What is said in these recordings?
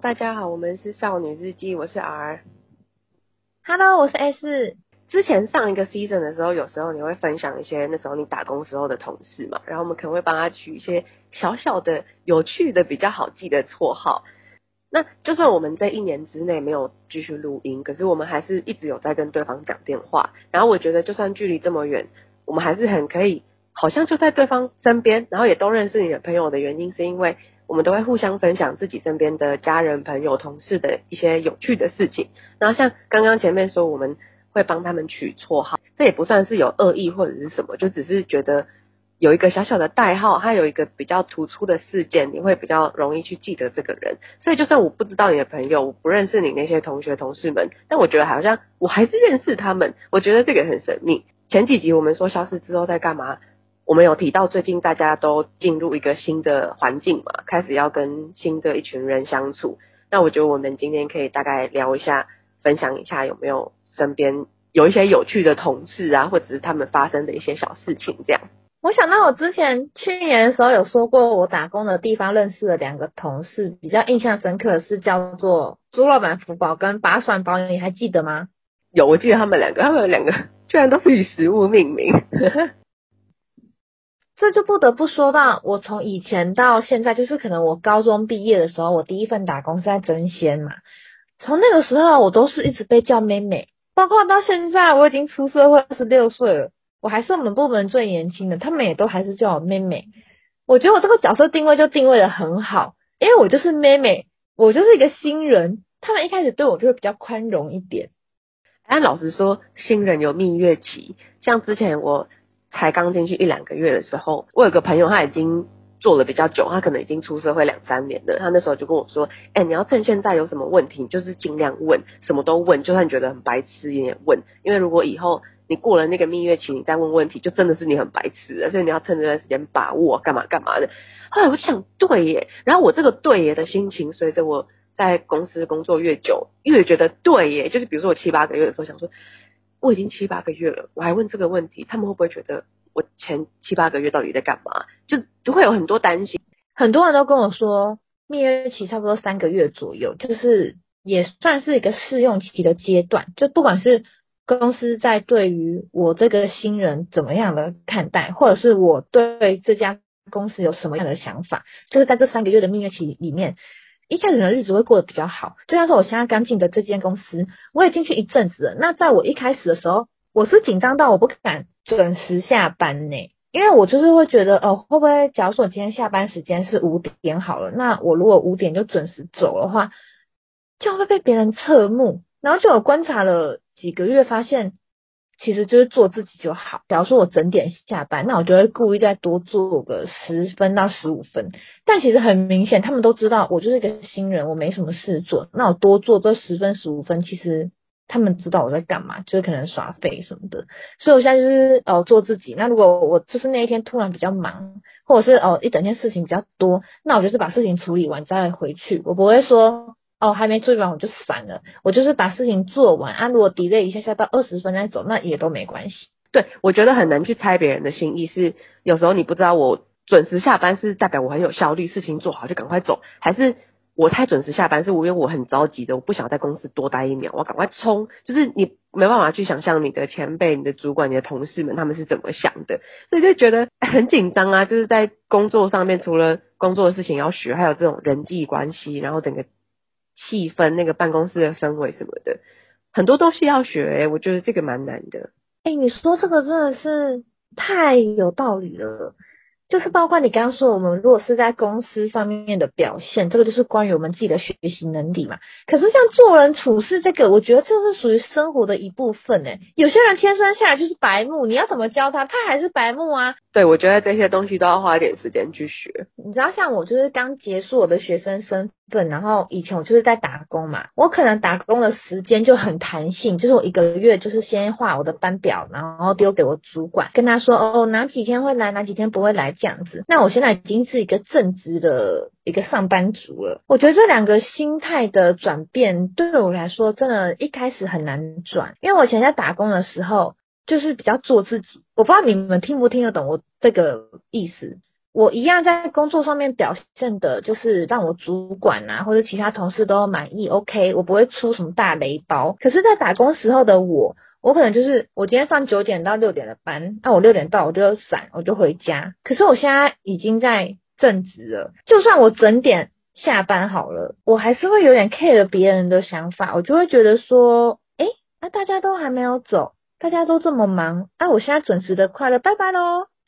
大家好，我們是少女日記，我是 R，Hello，我是 S。之前上一個 season 的時候，有時候你會分享一些那時候你打工時候的同事嘛，然後我們可能會幫他取一些小小的、有趣的、比較好記的綽號。那就算我們在一年之內沒有繼續錄音，可是我們還是一直有在跟對方講電話。然後我覺得，就算距離這麼遠，我們還是很可以，好像就在對方身邊，然後也都認識你的朋友的原因，是因為。我們都會互相分享自己身邊的家人、朋友、同事的一些有趣的事情。然後像剛剛前面說，我們會幫他們取綽號，這也不算是有惡意或者是什麼，就只是覺得有一個小小的代號，還有一個比較突出的事件，你會比較容易去記得這個人。所以就算我不知道你的朋友，我不認識你那些同學、同事們，但我覺得好像我還是認識他們。我覺得這個很神秘。前幾集我們說消失之後在幹嘛？我們有提到最近大家都進入一個新的環境嘛，開始要跟新的一群人相處。那我覺得我們今天可以大概聊一下，分享一下有沒有身邊有一些有趣的同事啊，或者是他們發生的一些小事情這樣。我想到我之前去年的時候有說過，我打工的地方認識了兩個同事，比較印象深刻的是叫做豬肉滿福堡跟拔蒜包，你還記得嗎？有，我記得他們兩個，他們有兩個居然都是以食物命名。 這就不得不說到我從以前到現在，就是可能我高中畢業的時候，我第一份打工是在爭鮮嘛。從那個時候，我都是一直被叫妹妹，包括到現在，我已經出社會二十六歲了，我還是我們部門最年輕的，他們也都還是叫我妹妹。我覺得我這個角色定位就定位得很好，因為我就是妹妹，我就是一個新人，他們一開始對我就會比較寬容一點。但老實說，新人有蜜月期，像之前我。才剛進去一兩個月的時候，我有個朋友，他已經做了比較久，他可能已經出社會兩三年了。他那時候就跟我說：“哎、欸，你要趁現在有什麼問題，你就是盡量問，什麼都問，就算你覺得很白痴你也問。因為如果以後你過了那個蜜月期，你再問問題，就真的是你很白痴了。所以你要趁這段時間把握，幹嘛幹嘛的。”後來我就想，對耶。然後我這個對耶的心情，隨着我在公司工作越久，越覺得對耶。就是比如說，我七八個月的時候想說。我已經七八個月了，我還問這個問題，他們會不會覺得我前七八個月到底在幹嘛？就會有很多擔心。很多人都跟我說，蜜月期差不多三個月左右，就是也算是一個試用期的階段。就不管是公司在對於我這個新人怎麼樣的看待，或者是我對這家公司有什麼樣的想法，就是在這三個月的蜜月期裡面。一開始的日子會過得比較好，就像是我現在剛進的這間公司，我也進去一陣子了。那在我一開始的時候，我是緊張到我不敢準時下班呢，因為我就是會覺得，哦，會不會，假如說我今天下班時間是五點好了，那我如果五點就準時走的話，就會被別人側目。然後就我觀察了幾個月，發現。其實就是做自己就好。假如說我整點下班，那我就會故意再多做個十分到十五分。但其實很明顯，他們都知道我就是一個新人，我沒什麼事做。那我多做這十分十五分，其實他們知道我在幹嘛，就是可能耍廢什麼的。所以我現在就是哦，做自己。那如果我就是那一天突然比較忙，或者是哦，一整天事情比較多，那我就是把事情處理完再回去，我不會說。哦，還沒做完我就閃了。我就是把事情做完啊。如果 delay 一下下到二十分再走，那也都沒關係。對，我覺得很難去猜別人的心意是。是有時候你不知道，我準時下班是代表我很有效率，事情做好就趕快走，還是我太準時下班是因為我很着急的，我不想在公司多待一秒，我趕快衝。就是你沒辦法去想象你的前輩、你的主管、你的同事們他們是怎麼想的，所以就覺得很緊張啊。就是在工作上面，除了工作的事情要學，還有這種人際關係，然後整個。氣氛，那個辦公室的氛圍什麼的，很多東西要學，欸，我覺得這個蠻難的。哎、欸，你說這個真的是太有道理了。就是包括你剛剛說，我們如果是在公司上面的表現，這個就是關於我們自己的學習能力嘛。可是像做人處事這個，我覺得這是屬於生活的一部分誒，有些人天生下來就是白目，你要怎麼教他，他還是白目啊？對，我覺得這些東西都要花一點時間去學。你知道，像我就是剛結束我的學生身份，然後以前我就是在打工嘛，我可能打工的時間就很彈性，就是我一個月就是先畫我的班表，然後丟給我主管，跟他說哦，哪幾天會來，哪幾天不會來。這樣子，那我現在已經是一個正職的一個上班族了。我覺得這兩個心態的轉變，對我來說真的一開始很難轉，因為我以前在打工的時候，就是比較做自己。我不知道你們聽不聽得懂我這個意思。我一樣在工作上面表現的，就是讓我主管吶、啊、或者其他同事都滿意。OK，我不會出什麼大雷包。可是，在打工時候的我。我可能就是我今天上九點到六點的班，那、啊、我六點到我就要散，我就回家。可是我現在已經在正職了，就算我整點下班好了，我還是會有點 care 別人的想法，我就會覺得說，哎、欸，那、啊、大家都還沒有走，大家都這麼忙，哎、啊，我現在準時的快樂，拜拜嘍。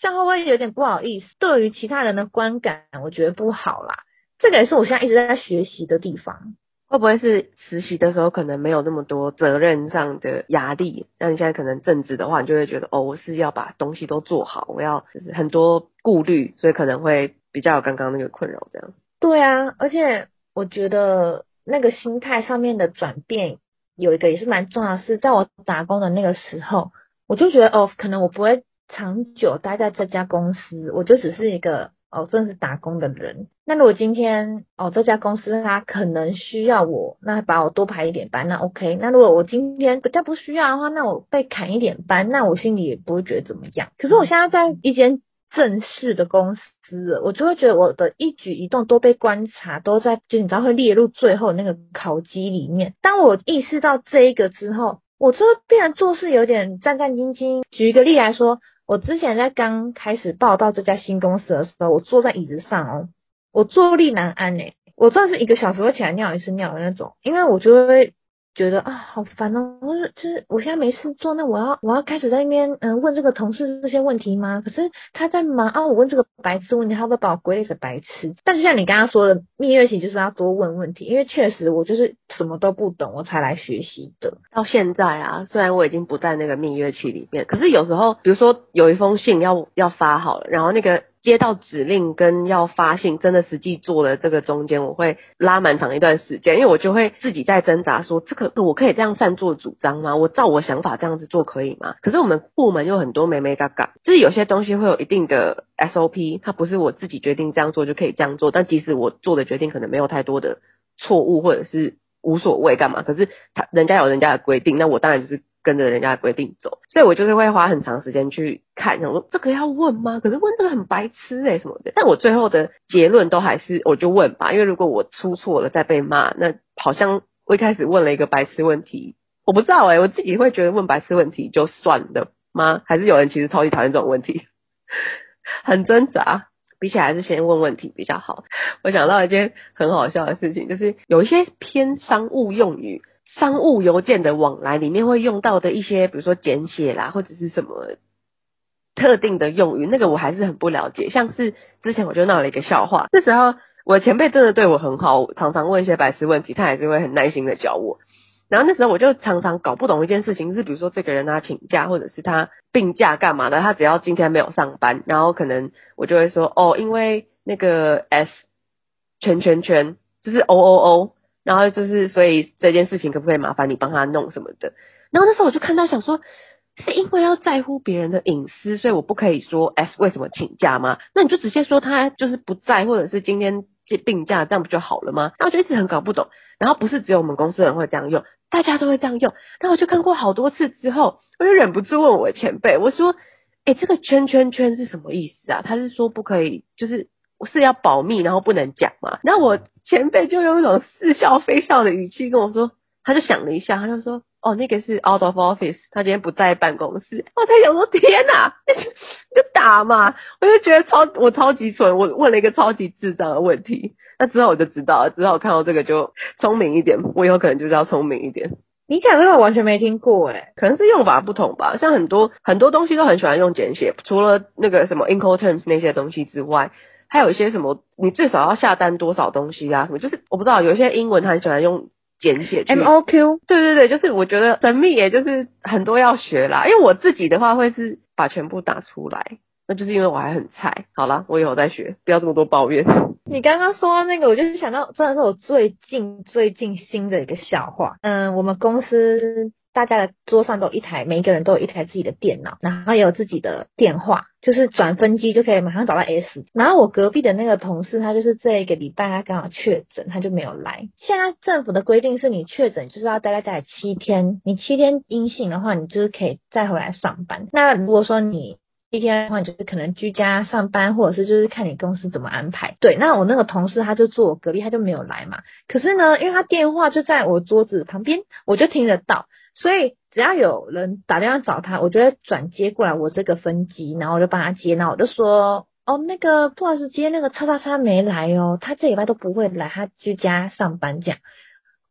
這樣會不會有點不好意思？對於其他人的觀感，我覺得不好啦。這個也是我現在一直在學習的地方。會不會是實習的時候可能沒有那麼多責任上的壓力，那你現在可能正職的話，你就會覺得哦，我是要把東西都做好，我要很多顧慮，所以可能會比較有剛剛那個困擾這樣。對啊，而且我覺得那個心態上面的轉變有一個也是蠻重要的是，是在我打工的那個時候，我就覺得哦，可能我不會長久待在這家公司，我就只是一個。哦，正是打工的人。那如果今天哦，這家公司它可能需要我，那把我多排一點班，那 OK。那如果我今天再不需要的話，那我被砍一點班，那我心裡也不會覺得怎麼樣。可是我現在在一間正式的公司，我就會覺得我的一舉一動都被觀察，都在就你知道會列入最後那個考績裡面。當我意識到這一個之後，我就會變得做事有點戰戰兢兢。舉一個例來說。我之前在剛開始報到這家新公司的時候，我坐在椅子上哦，我坐立難安呢，我真的是一個小時會起來尿一次尿的那種，因為我覺得。覺得啊、哦、好煩哦！就，就是，我現在沒事做，那我要我要開始在那邊嗯問這個同事這些問題嗎？可是他在忙啊，我問這個白痴問題，他會不會把我歸類成白痴。但就像你剛剛說的，蜜月期就是要多問問題，因為確實我就是什麼都不懂，我才來學習的。到現在啊，雖然我已經不在那個蜜月期裡面，可是有時候比如說有一封信要要發好了，然後那個。接到指令跟要發信，真的實際做的這個中間，我會拉蠻長一段時間，因為我就會自己在掙扎說，說這個我可以這樣擅作主張嗎？我照我想法這樣子做可以嗎？可是我們部門又很多眉眉角角，就是有些東西會有一定的 SOP，它不是我自己決定這樣做就可以這樣做。但即使我做的決定可能沒有太多的錯誤或者是無所謂幹嘛，可是他人家有人家的規定，那我當然就是。跟着人家的規定走，所以我就是會花很長時間去看，想說這個要問嗎？可是問這個很白痴哎、欸，什麼的。但我最後的結論都還是我就問吧，因為如果我出錯了再被罵，那好像我一開始問了一個白痴問題，我不知道誒、欸、我自己會覺得問白痴問題就算了嗎？還是有人其實超級討厭這種問題，很掙扎。比起來是先問問題比較好。我想到一件很好笑的事情，就是有一些偏商務用語。商務郵件的往來裡面會用到的一些，比如說簡寫啦，或者是什麼特定的用語，那個我還是很不了解。像是之前我就鬧了一個笑話，那時候我前輩真的對我很好，常常問一些白痴問題，他也是會很耐心的教我。然後那時候我就常常搞不懂一件事情，就是比如說這個人他請假，或者是他病假幹嘛的，他只要今天沒有上班，然後可能我就會說哦，因為那個 S 圈圈圈，就是 O O O。然後就是，所以這件事情可不可以麻煩你幫他弄什麼的？然後那時候我就看到想說，是因為要在乎別人的隱私，所以我不可以說 S 為什麼請假嗎？那你就直接說他就是不在，或者是今天這病假，這樣不就好了嗎？然後我就一直很搞不懂。然後不是只有我們公司人會這樣用，大家都會這樣用。然後我就看過好多次之後，我就忍不住問我前輩，我說，哎、欸，這個圈圈圈是什麼意思啊？他是說不可以，就是。我是要保密，然後不能講嘛。那我前輩就用一種似笑非笑的語氣跟我說，他就想了一下，他就說：“哦，那個是 out of office，他今天不在辦公室。”我才想說：“天哪， 你就打嘛！”我就覺得超我超級蠢，我問了一個超級智障的問題。那之後我就知道了，之後我看到這個就聰明一點。我以後可能就是要聰明一點。你講這個我完全沒聽過哎，可能是用法不同吧。像很多很多東西都很喜歡用簡寫，除了那個什麼 Incoterms 那些東西之外。還有一些什麼，你最少要下單多少東西啊？什麼就是我不知道，有一些英文他很喜歡用簡寫去。M O Q，對對對，就是我覺得神秘，也就是很多要學啦。因為我自己的話會是把全部打出來，那就是因為我還很菜。好啦，我以後再學，不要這麼多抱怨。你剛剛說那個，我就是想到，真的是我最近最近新的一個笑話。嗯，我們公司。大家的桌上都有一台，每一個人都有一台自己的電腦，然後也有自己的電話，就是轉分機就可以馬上找到 S。然後我隔壁的那個同事，他就是這一個禮拜他剛好確診，他就沒有來。現在政府的規定是你確診就是要待在家裡七天，你七天陰性的話，你就是可以再回來上班。那如果說你七天的話，你就是可能居家上班，或者是就是看你公司怎麼安排。對，那我那個同事他就坐我隔壁，他就沒有來嘛。可是呢，因為他電話就在我桌子旁邊，我就聽得到。所以只要有人打電話找他，我就會轉接過來我這個分機，然後我就幫他接，然後我就說哦，那個不好意思接，今天那個叉叉叉沒來哦，他這禮拜都不會來，他居家上班這樣。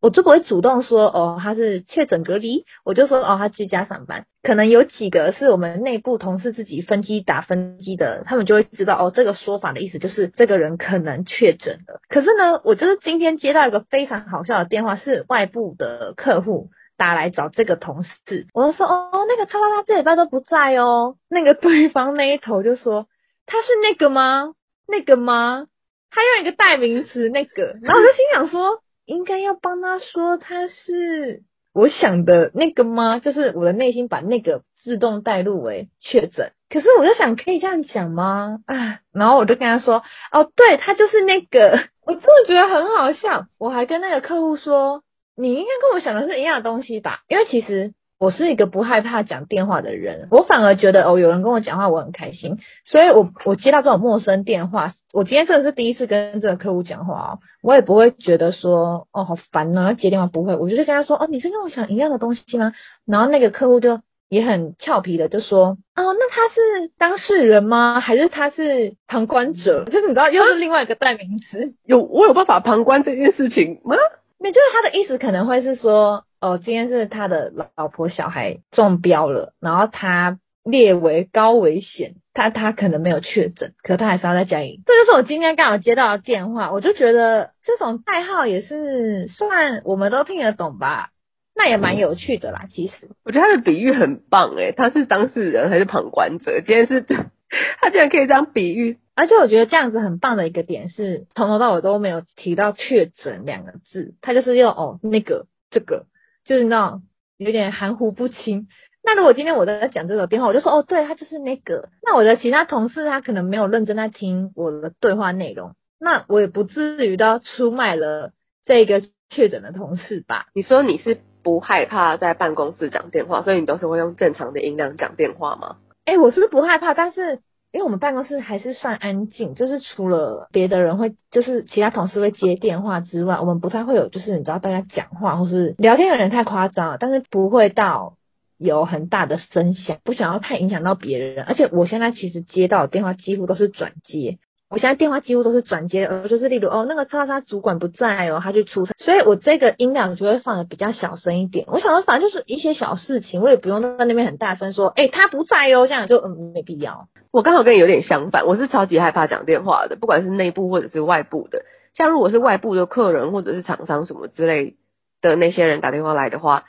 我就不會主動說哦，他是確診隔離，我就說哦，他居家上班。可能有幾個是我們內部同事自己分機打分機的，他們就會知道哦，這個說法的意思就是這個人可能確診了。可是呢，我就是今天接到一個非常好笑的電話，是外部的客戶，打來找這個同事，我就說哦，那個叉叉叉他這禮拜都不在哦。那個對方那一頭就說，他是那個嗎？那個嗎？他用一個代名詞那個。然後我就心想說，應該要幫他說他是我想的那個嗎？就是我的內心把那個自動代入為確診。可是我就想，可以這樣講嗎？啊，然後我就跟他說哦，對，他就是那個。我真的覺得很好笑。我還跟那個客戶說。你應該跟我想的是一樣的東西吧？因為其實我是一個不害怕講電話的人，我反而覺得哦，有人跟我講話，我很開心。所以我，我我接到這種陌生電話，我今天真的是第一次跟這個客戶講話哦，我也不會覺得說哦好煩哦、啊、要接電話，不會，我就會跟他說哦，你是跟我想一樣的東西嗎？然後那個客戶就也很俏皮的就說哦，那他是當事人嗎？還是他是旁觀者？就是你知道，又是另外一個代名詞。有，我有辦法旁觀這件事情嗎？那就是他的意思，可能會是說，哦，今天是他的老婆、小孩中標了，然後他列為高危險，他他可能沒有確診，可他還是要再檢疫。這就是我今天剛好接到的電話，我就覺得這種代號也是算我們都聽得懂吧？那也蠻有趣的啦，嗯、其實。我覺得他的比喻很棒，欸，哎，他是當事人還是旁觀者？今天是，他竟然可以這樣比喻。而且我覺得這樣子很棒的一個點是，從頭到尾都沒有提到“確診”兩個字，他就是又哦那個這個，就是那種有點含糊不清。那如果今天我在講這個電話，我就說哦對，他就是那個。那我的其他同事他可能沒有認真在聽我的對話內容，那我也不至於都出賣了這個確診的同事吧？你說你是不害怕在辦公室講電話，所以你都是會用正常的音量講電話嗎？哎，我是不害怕，但是。因為我們辦公室還是算安靜，就是除了別的人會，就是其他同事會接電話之外，我們不太會有，就是你知道大家講話或是聊天有點太誇張，但是不會到有很大的聲響，不想要太影響到別人。而且我現在其實接到的電話幾乎都是轉接。我現在電話幾乎都是轉接的，而就是例如哦，那個叉叉主管不在哦，他去出差，所以我這個音量就會放得比較小聲一點。我想說，反正就是一些小事情，我也不用在那邊很大聲說，哎、欸，他不在哦，這樣就、嗯、沒必要。我剛好跟你有點相反，我是超級害怕講電話的，不管是內部或者是外部的。像如果是外部的客人或者是廠商什麼之類的那些人打電話來的話，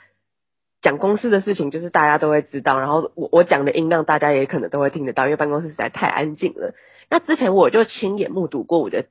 講公司的事情就是大家都會知道，然後我我講的音量大家也可能都會聽得到，因為辦公室實在太安靜了。那之前我就親眼目睹過我的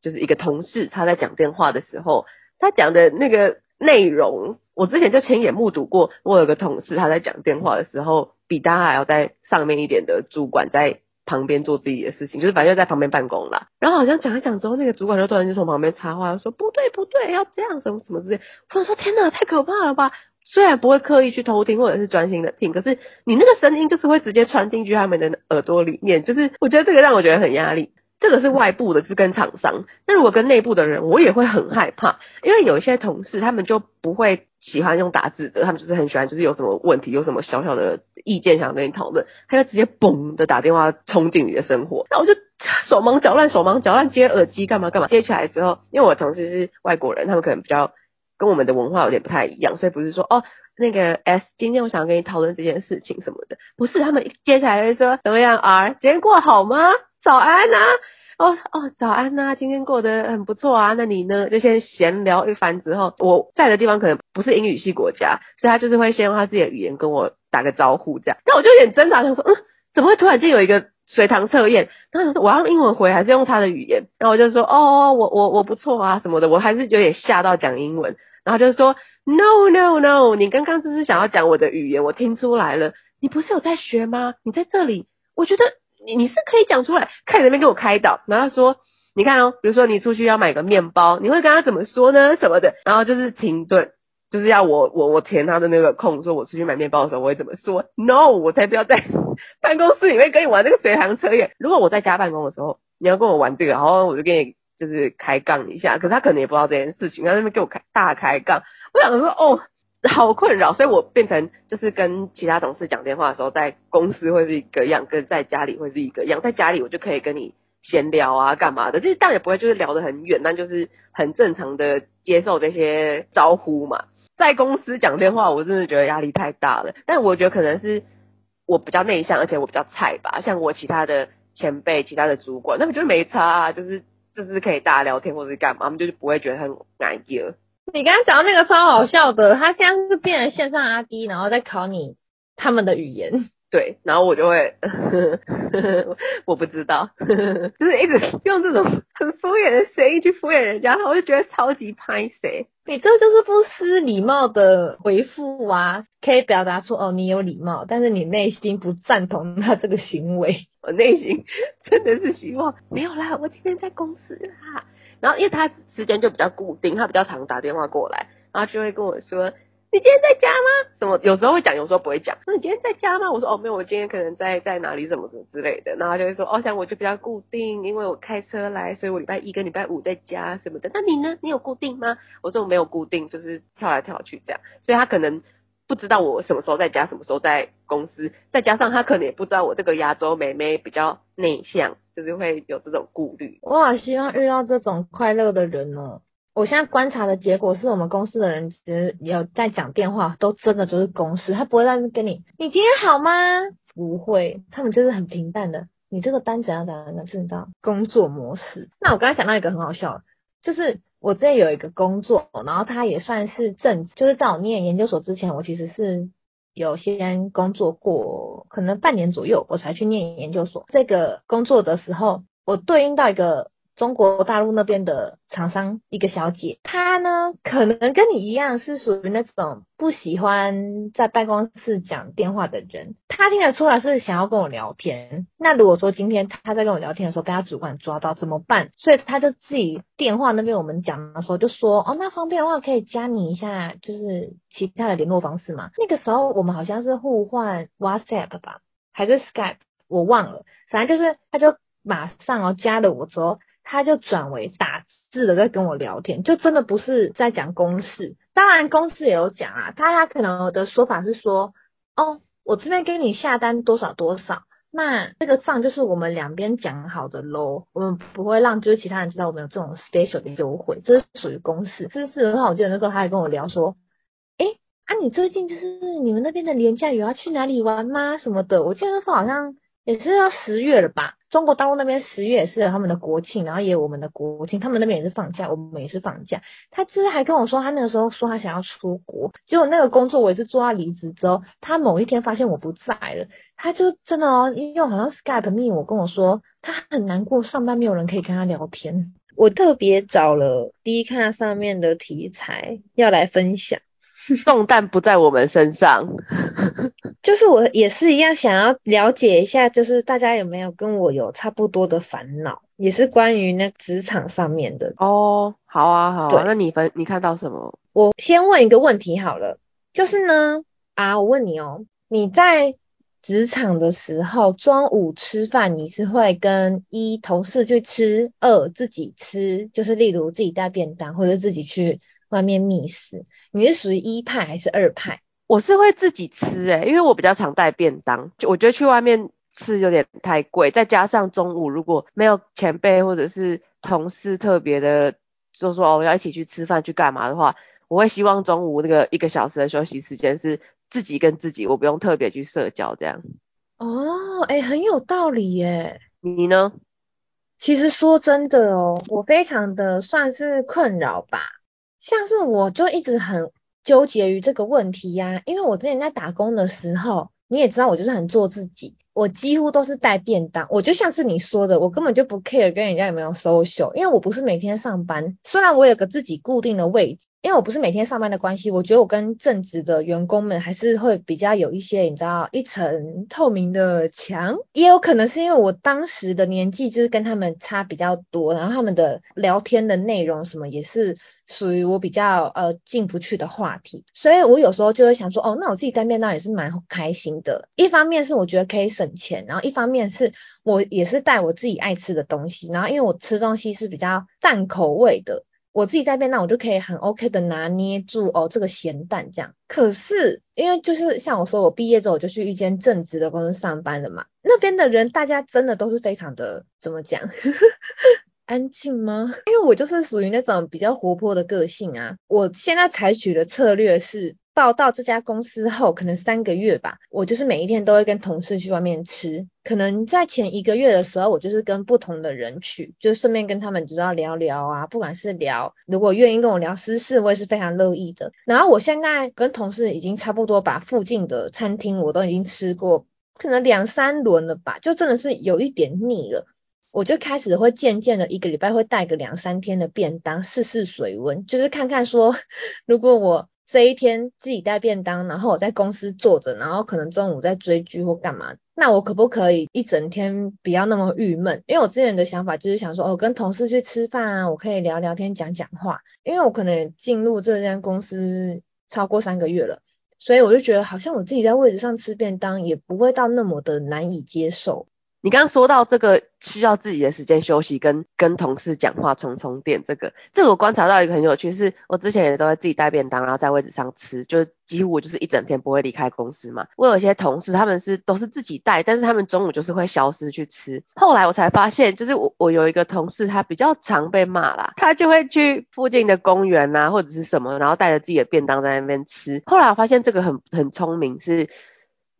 就是一個同事他在講電話的時候，他講的那個內容，我之前就親眼目睹過，我有個同事他在講電話的時候，比大家還要在上面一點的主管在旁邊做自己的事情，就是反正就在旁邊辦公啦。然後好像講一講之後，那個主管就突然就從旁邊插話，說不對不對，要這樣什麼什麼之類。我說天哪，太可怕了吧！雖然不會刻意去偷聽或者是專心的聽，可是你那個聲音就是會直接穿進去他們的耳朵裡面，就是我覺得這個讓我覺得很壓力。這個是外部的，是跟廠商。那如果跟內部的人，我也會很害怕，因為有一些同事他們就不會喜歡用打字的，他們就是很喜歡，就是有什麼問題、有什麼小小的意見想要跟你討論，他就直接嘣的打電話衝進你的生活，那我就手忙腳亂，手忙腳亂接耳機幹嘛幹嘛，接起來之後，因為我同事是外國人，他們可能比較。跟我們的文化有點不太一樣，所以不是說哦，那個 S，今天我想跟你討論這件事情什麼的，不是，他們接下來會說怎麼樣 R，今天過好嗎？早安啊。哦哦，早安啊，今天過得很不錯啊，那你呢？就先閒聊一番之後，我在的地方可能不是英語系國家，所以他就是會先用他自己的語言跟我打個招呼這樣，那我就有點掙扎，想說嗯，怎麼會突然間有一個隨堂測驗？然後想說我要用英文回還是用他的語言？那我就說哦，我我我不錯啊什麼的，我還是有點嚇到講英文。然後就是說，no no no，你剛剛只是想要講我的語言，我聽出來了。你不是有在學嗎？你在這裡，我覺得你你是可以講出來，看那邊給我開導。然後說，你看哦，比如說你出去要買個麵包，你會跟他怎麼說呢？什麼的？然後就是停頓，就是要我我我填他的那個空，說我出去買麵包的時候我會怎麼說？no，我才不要在辦公室裡面跟你玩那個隨行測驗。如果我在家辦公的時候，你要跟我玩這個，然後我就跟你。就是開槓一下，可是他可能也不知道這件事情，他那邊給我開大開槓。我想說哦，好困擾，所以我變成就是跟其他同事講電話的時候，在公司會是一個樣，跟在家裡會是一個樣。在家裡我就可以跟你閒聊啊，幹嘛的？這當然也不會就是聊得很遠，但就是很正常的接受這些招呼嘛。在公司講電話，我真的覺得壓力太大了。但我覺得可能是我比較內向，而且我比較菜吧。像我其他的前輩、其他的主管，那麼就是沒差啊，就是。就是可以大家聊天，或者是幹嘛，他們就是不會覺得很難業。你剛剛講到那個超好笑的，他現在是變成線上阿滴，然後再考你他們的語言。對，然後我就會， 我不知道， 就是一直用這種很敷衍的聲音，去敷衍人家，我就覺得超級拍謝。你這就是不失禮貌的回復啊，可以表達出哦，你有禮貌，但是你內心不贊同他這個行為。我內心真的是希望沒有啦，我今天在公司啦。然後因為他時間就比較固定，他比較常打電話過來，然後就會跟我說。你今天在家嗎？什麼有時候會講，有時候不會講？那你今天在家嗎？我說哦，沒有，我今天可能在在哪裡，怎麼怎麼之類的。然後他就會說哦，像我就比較固定，因為我開車來，所以我禮拜一跟禮拜五在家什麼的。那你呢？你有固定嗎？我說我沒有固定，就是跳來跳去這樣。所以他可能不知道我什麼時候在家，什麼時候在公司。再加上他可能也不知道我這個亞洲妹妹比較內向，就是會有這種顧慮。我好希望遇到這種快樂的人哦。我現在觀察的結果是我們公司的人其實有在講電話，都真的就是公事，他不會在那邊跟你，你今天好嗎？不會，他們就是很平淡的。你這個單怎樣怎樣能樣，知道工作模式。那我剛才想到一個很好笑，就是我這有一個工作，然後他也算是正，就是在我念研究所之前，我其實是有先工作過，可能半年左右我才去念研究所。這個工作的時候，我對應到一個。中國大陸那邊的廠商一個小姐，她呢，可能跟你一樣是屬於那種不喜歡在辦公室講電話的人。她聽得出來是想要跟我聊天。那如果說今天她在跟我聊天的時候被她主管抓到怎麼辦？所以她就自己電話那邊我們講的時候就說：“哦，那方便的話我可以加你一下，就是其他的聯絡方式嘛。”那個時候我們好像是互換 WhatsApp 吧，還是 Skype，我忘了。反正就是她就馬上哦加了我之後。他就轉為打字的在跟我聊天，就真的不是在講公事，當然公事也有講啊。他他可能的說法是說，哦，我這邊給你下單多少多少，那這個賬就是我們兩邊講好的嘍，我們不會讓就是其他人知道我們有這種 special 的優惠，這是屬於公事。私事的話，我記得那時候他還跟我聊說，哎、欸，啊你最近就是你們那邊的連假要去哪裡玩嗎？什麼的，我記得那時候好像。也是要十月了吧？中國大陸那邊十月也是有他們的國慶，然後也有我們的國慶，他們那邊也是放假，我們也是放假。他之前還跟我說，他那個時候說他想要出國，結果那個工作我也是做到離職之後，他某一天發現我不在了，他就真的哦，因為好像 Skype me 我跟我說，他很難過，上班沒有人可以跟他聊天。我特別找了 Dcard 上面的題材要來分享。 重擔不在我們身上，就是我也是一樣，想要了解一下，就是大家有沒有跟我有差不多的煩惱，也是關於那職場上面的哦。好啊，好啊，那你分你看到什麼？我先問一個問題好了，就是呢啊，我問你哦，你在職場的時候，中午吃飯你是會跟一同事去吃，二自己吃，就是例如自己帶便當，或者自己去。外面覓食，你是屬於一派還是二派？我是會自己吃哎、欸，因為我比較常帶便當，就我覺得去外面吃有點太貴，再加上中午如果沒有前輩或者是同事特別的說說，就說哦我要一起去吃飯去幹嘛的話，我會希望中午那個一個小時的休息時間是自己跟自己，我不用特別去社交這樣。哦，哎、欸，很有道理耶，欸。你呢？其實說真的哦，我非常的算是困擾吧。像是我就一直很糾結於這個問題呀，因為我之前在打工的時候，你也知道我就是很做自己，我幾乎都是帶便當，我就像是你說的，我根本就不 care 跟人家有沒有 social，因為我不是每天上班，雖然我有個自己固定的位置。因為我不是每天上班的關係，我覺得我跟正職的員工們還是會比較有一些，你知道，一層透明的牆。也有可能是因為我當時的年紀就是跟他們差比較多，然後他們的聊天的內容什麼也是屬於我比較呃進不去的話題。所以我有時候就會想說，哦，那我自己帶便當也是蠻開心的。一方面是我覺得可以省錢，然後一方面是我也是帶我自己愛吃的東西，然後因為我吃東西是比較淡口味的。我自己帶便當，我就可以很 OK 的拿捏住哦這個鹹蛋這樣。可是因為就是像我說，我畢業之後我就去一間正職的公司上班了嘛，那邊的人大家真的都是非常的怎麼講？ 安靜嗎？因為我就是屬於那種比較活潑的個性啊。我現在採取的策略是，報到這家公司後可能三個月吧，我就是每一天都會跟同事去外面吃。可能在前一個月的時候，我就是跟不同的人去，就順便跟他們知道聊聊啊，不管是聊，如果願意跟我聊私事，我也是非常樂意的。然後我現在跟同事已經差不多把附近的餐廳我都已經吃過，可能兩三輪了吧，就真的是有一點膩了，我就開始會漸漸的一個禮拜會帶個兩三天的便當試試水溫，就是看看說如果我。這一天自己帶便當，然後我在公司坐着，然後可能中午在追劇或幹嘛，那我可不可以一整天不要那麼鬱悶？因為我之前的想法就是想說，哦，我跟同事去吃飯啊，我可以聊聊天、講講話。因為我可能進入這間公司超過三個月了，所以我就覺得好像我自己在位置上吃便當也不會到那麼的難以接受。你剛剛說到這個。需要自己的時間休息跟、跟跟同事講話充充電。這個這個我觀察到一個很有趣是，是我之前也都會自己帶便當，然後在位置上吃。就幾乎我就是一整天不會離開公司嘛。我有一些同事，他們是都是自己帶，但是他們中午就是會消失去吃。後來我才發現，就是我我有一個同事，他比較常被罵啦，他就會去附近的公園啊，或者是什麼，然後帶着自己的便當在那邊吃。後來我發現這個很很聰明是。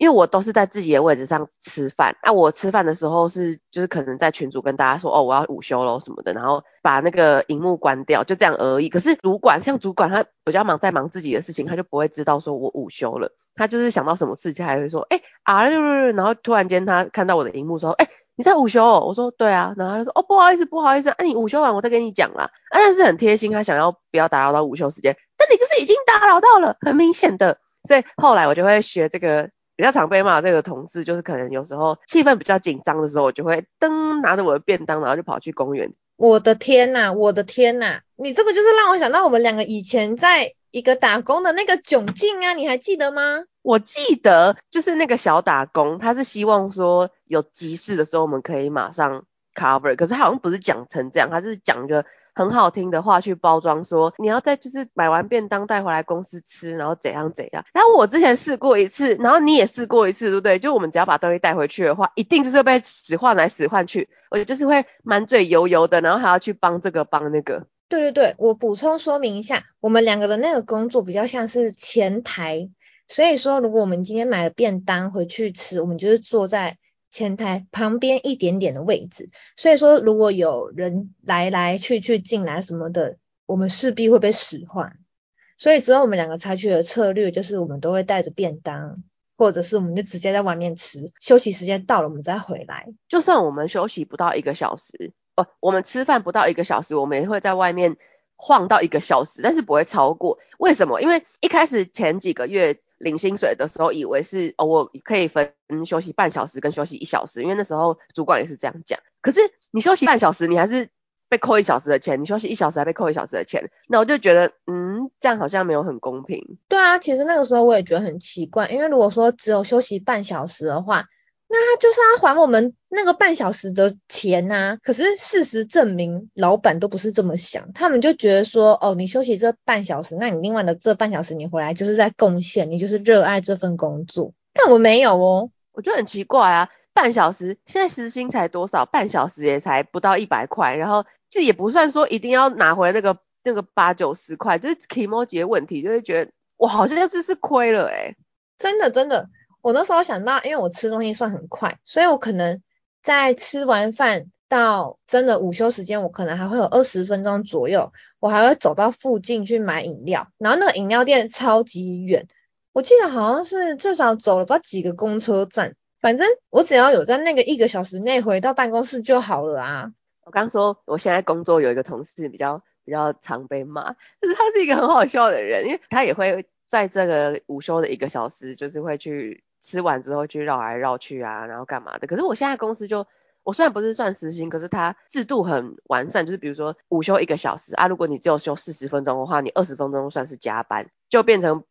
因為我都是在自己的位置上吃飯，那、啊、我吃飯的時候是就是可能在群組跟大家說哦我要午休咯什麼的，然後把那個螢幕關掉，就這樣而已。可是主管像主管他比較忙，在忙自己的事情，他就不會知道說我午休了，他就是想到什麼事情還會說哎啊六六，然後突然間他看到我的螢幕說哎你在午休、哦，我說對啊，然後他就說哦不好意思不好意思，啊，你午休完我再跟你講啦，啊，但是很貼心，他想要不要打擾到午休時間，但你就是已經打擾到了，很明顯的，所以後來我就會學這個。比較常被罵這個同事，就是可能有時候氣氛比較緊張的時候，我就會噔拿着我的便當，然後就跑去公園。我的天吶、啊，我的天吶、啊，你這個就是讓我想到我們兩個以前在一個打工的那個窘境啊！你還記得嗎？我記得，就是那個小打工，他是希望說有急事的時候我們可以馬上 cover，可是他好像不是講成這樣，他是講著。很好聽的話去包裝，說你要再就是買完便當帶回來公司吃，然後怎樣怎樣。然後我之前試過一次，然後你也試過一次，對不對？就我們只要把東西帶回去的話，一定就是被使喚來使喚去，我就是會滿嘴油油的，然後還要去幫這個幫那個。對對對，我補充說明一下，我們兩個的那個工作比較像是前台，所以說如果我們今天買了便當回去吃，我們就是坐在。前台旁邊一點點的位置，所以說如果有人來來去去進來什麼的，我們勢必會被使喚。所以只有我們兩個採取的策略就是，我們都會帶着便當，或者是我們就直接在外面吃。休息時間到了，我們再回來。就算我們休息不到一個小時，不、呃，我們吃飯不到一個小時，我們也會在外面晃到一個小時，但是不會超過。為什麼？因為一開始前幾個月。領薪水的時候，以為是哦，我可以分休息半小時跟休息一小時，因為那時候主管也是這樣講。可是你休息半小時，你還是被扣一小時的錢；你休息一小時，還被扣一小時的錢。那我就覺得，嗯，這樣好像沒有很公平。對啊，其實那個時候我也覺得很奇怪，因為如果說只有休息半小時的話。那他就是他還我們那個半小時的錢吶、啊，可是事實證明，老板都不是這麼想，他們就覺得說，哦，你休息這半小時，那你另外的這半小時你回來就是在貢獻，你就是熱愛這份工作。但我沒有哦，我覺得很奇怪啊，半小時現在時薪才多少，半小時也才不到一百塊，然後這也不算說一定要拿回那個那個八九十塊，就是 Kimochi 的問題，就會、是、覺得我好像就是是虧了哎、欸，真的真的。我那時候想到，因為我吃東西算很快，所以我可能在吃完飯到真的午休時間，我可能還會有二十分鐘左右，我還會走到附近去買飲料。然後那個飲料店超級遠，我記得好像是至少走了不知道幾個公車站，反正我只要有在那個一個小時內回到辦公室就好了啊。我剛說我現在工作有一個同事比較比較常被罵，但是他是一個很好笑的人，因為他也會在這個午休的一個小時，就是會去。吃完之後去繞來繞去啊，然後幹嘛的。可是我現在公司就，我雖然不是算時薪，可是它制度很完善，就是比如說午休一個小時啊，如果你只有休四十分鐘的話，你二十分鐘算是加班，就變成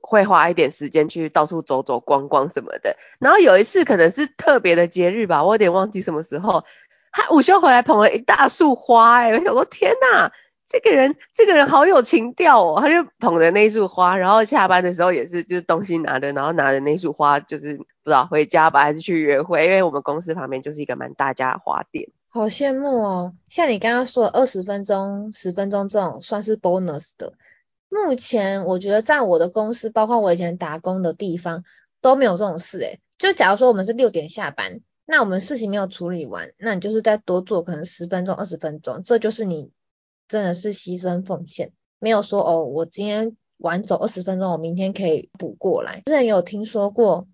會花一點時間去到處走走逛逛什麼的。然後有一次可能是特別的節日吧，我有點忘記什麼時候，他午休回來捧了一大束花，欸，哎，我想說天吶！這個人這個人好有情調哦，他就捧着那束花，然後下班的時候也是，就是東西拿着，然後拿着那束花，就是不知道回家吧還是去約會，因為我們公司旁邊就是一個蠻大家的花店，好羨慕哦。像你剛剛說的二十分鐘、十分鐘這種算是 bonus 的，目前我覺得在我的公司，包括我以前打工的地方都沒有這種事誒。就假如說我們是六點下班，那我們事情沒有處理完，那你就是再多做可能十分鐘、二十分鐘，這就是你。真的是犧牲奉獻，沒有說哦，我今天晚走二十分鐘，我明天可以補過來。之前有聽說過，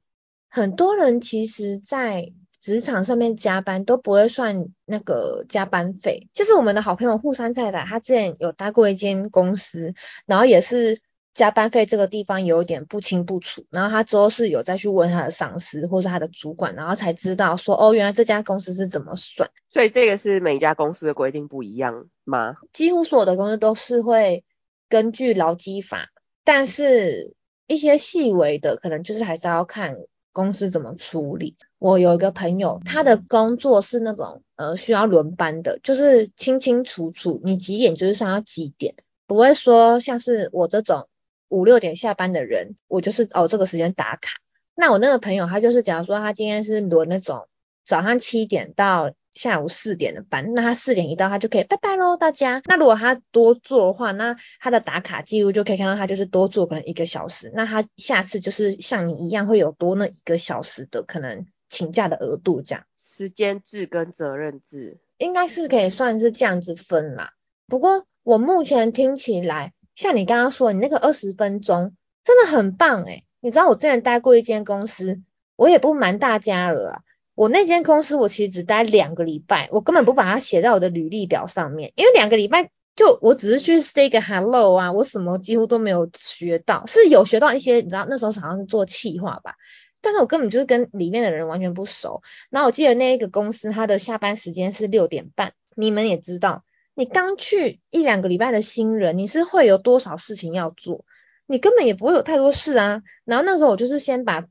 很多人其實，在職場上面加班都不會算那個加班費。就是我們的好朋友滬山在的，他之前有待過一間公司，然後也是。加班費這個地方有點不清不楚，然後他之後是有再去問他的上司或是他的主管，然後才知道說哦，原來這家公司是怎麼算。所以這個是每一家公司的規定不一樣嗎？幾乎所有的公司都是會根據勞基法，但是一些細微的可能就是還是要看公司怎麼處理。我有一個朋友，他的工作是那種呃需要輪班的，就是清清楚楚，你幾點就是上到幾點，不會說像是我這種。五六點下班的人，我就是哦，這個時間打卡。那我那個朋友，他就是假如說他今天是輪那種早上七點到下午四點的班，那他四點一到，他就可以拜拜嘍大家。那如果他多做的話，那他的打卡記錄就可以看到他就是多做可能一個小時。那他下次就是像你一樣，會有多那一個小時的可能請假的額度這樣。時間制跟責任制應該是可以算是這樣子分啦。不過我目前聽起來。像你剛剛說，你那個二十分鐘真的很棒誒、欸、你知道我之前待過一間公司，我也不瞞大家了啊，我那間公司我其實只待兩個禮拜，我根本不把它寫在我的履歷表上面，因為兩個禮拜就我只是去 say 個 hello 啊，我什麼幾乎都沒有學到，是有學到一些，你知道那時候好像是做企劃吧，但是我根本就是跟裡面的人完全不熟。然後我記得那一個公司它的下班時間是六點半，你們也知道。你剛去一兩個禮拜的新人，你是會有多少事情要做？你根本也不會有太多事啊。然後那時候我就是先把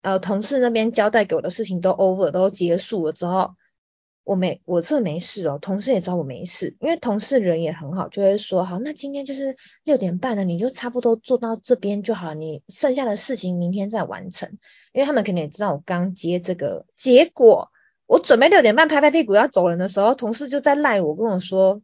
呃同事那邊交代給我的事情都 over 都結束了之後，我沒我這沒事哦，同事也知道我沒事，因為同事人也很好，就會說好，那今天就是六點半了，你就差不多做到這邊就好，你剩下的事情明天再完成。因為他們肯定也知道我剛接這個，結果我準備六點半拍拍屁股要走人的時候，同事就在賴我跟我說。